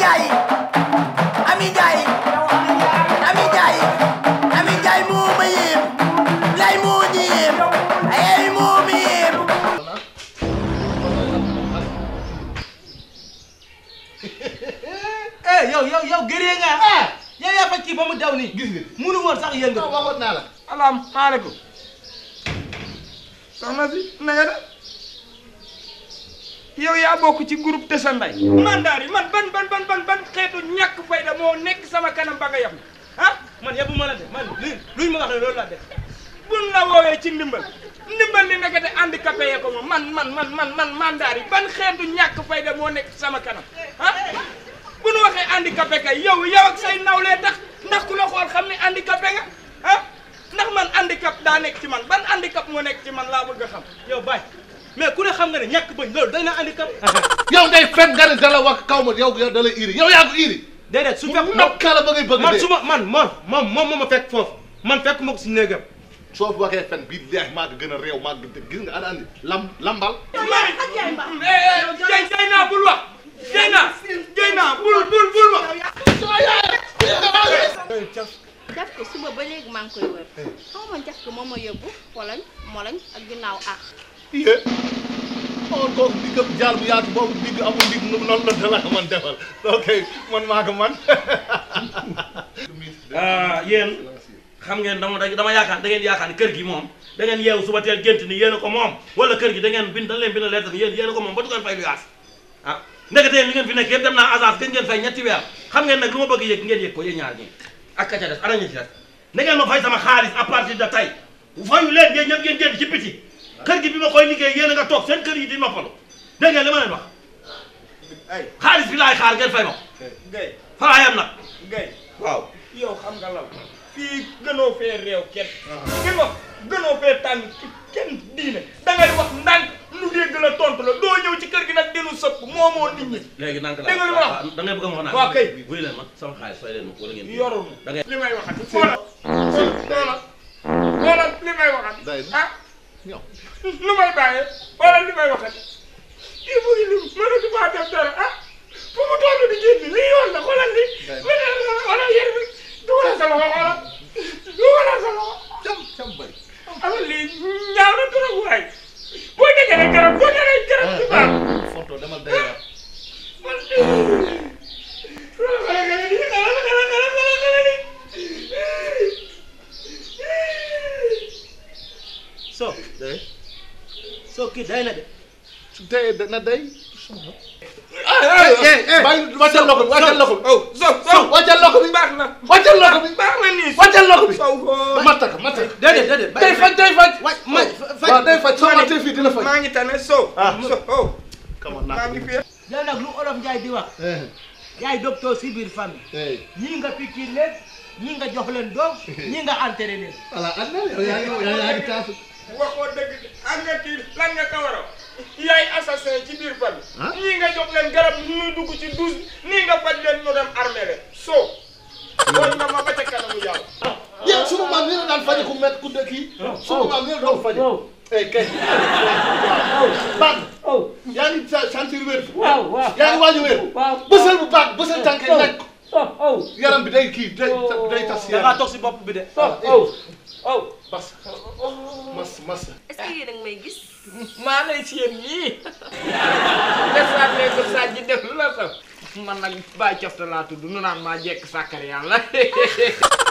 Njaay Ami Njaay Ami Njaay Ami Njaay moo lay ay moo ma eh yo, yow yow gëree nga ah eh, yow ya, fa ya, kii ba daw nii gis nga munu woon sax la alam maaleykum si yow ya bok ci groupe de sa Mandari, hmm. mandaar man ban ban ban ban ban xetu ñak fayda mo nek sama kanam ba nga yam ha ah, man yabu mala la de man li luñ ma wax ne la def buñ la wowe ci ndimbal ndimbal li nekete handicapé yee ko mo man man man man man mandari ban xetu ñak fayda mo nek sama kanam ha ah, bu nu waxee handicapé kay yow yow ak say nawle tax ndax ku la xol xamni ne handicapé nga ha ah, ndax man handicap da nek ci man ban handicap mo nek ci man la bëgg xam yow bay mais ku ne xam nga ne ñàkk bañ loolu day na andi kam yow ngay fet nga ne dala wax kaw ma yow da lay iri yow yaa ko iri déedéet su fekk nopp kala ba ngay bëgg man suma man moom moom moom moo ma fekk foofu man fekk ma ko si néegam soo fi waxee fen bii leex maa ko gën a réew maa ko gis nga ana andi lam lambal eh, eh, eh, jay jay naa bul wax jay naa jay naa bul bul bul wax jàpp suba ba léegi maa ngi koy wër xaw ma jàpp moom ma yóbbu poloñ moloñ ak ginnaaw aax yé xool oh, kooku diggam jaal bu yaatu boobu digg amul digg nu noonu la dalaa man defal ok man maa ko man ah, yéen xam ngeen dama dama yaakaar da kër gi moom da ngeen yeewu suba teel gént ni yéen ko moom wala kër gi da ngeen bind da leen bind lettre ni yéen a ko moom ba du ngeen fay lu yaas ah ndekete yéen li ngeen fi nekk yëpp dem naa agence gën fay ñetti weer xam ngeen nag lu ma bëgg yëg ngeen ko yéen ñaar ñi ak ka ca des ana ñi ci des na ngeen ma fay sama xaalis à partir de tey fayu leen ngeen ñëpp ngeen génn ci biti kër gi bi ma koy liggéey yéen a toog seen kër gi di noppalu dégg ngeen li ma leen wax xaalis bi laay xaar ngeen fay ma gay faraayam nag gay waaw yow xam nga lan fii gënoo fee réew kenn gën wax gënoo fee tàng kenn diine dangay wax ndànk lu dégg la tontu la doo ñëw ci kër gi nag dinu sëpp moomoo nit ñi léegi ndànk la dégg nga ah, ah, da ngay bëgg a wax naa waaw kay buy leen ma sama xaalis fay leen ma wala ngeen yorul da ngay li may waxat xoolal xoolal xoolal li may waxat ah lu may bàyyee wala li may waxat kii mu ngi nii mënatu maa def dara ah fu mu toll di génn lii li. wala wala soo day soo kii day na de su dee na day ah, bàyyi wàccal oh, so so wàccal loxo bi na wàccal loxo bi na nii wàccal loxo bi mataka mataka déedéet déedéet day faj ngi tane so ah. so oh. naa ngi fi yow nag lu olof Njaay di wax eh. yaay docteur si biir famille eh. ñii nga pikiir leen ñii nga jox leen doom eh. nga entraîné leen voilà am na yaa ngi yaa ngi waxoo dëgg am nga kii lan nga ko waral yaay assassin ci biir fan ah? nii nga jox leen garab ñuy dugg ci douze nii nga faj leen ñu dem armée le soo woon nga ma ba ca kanamu yàlla yéen sunu maam ni la daan faje ku met ku dëkk yi oh, oh, sunu maam ni la doon faje oh. eh, kay baax yaa ngi sentir wér waaw yaa ngi waaju wér bësal bu baax bësal tànk yi nekk yaram bi day kii day day tas yaram da ngaa toog si bopp bi de oh Bas Mas Mas. est-ce que yéen may gis. maa lay séen yii. defaat nañ ji def lu la sax. man nag bàyyi cofte laa tudd maa jekk sàkkar yàlla.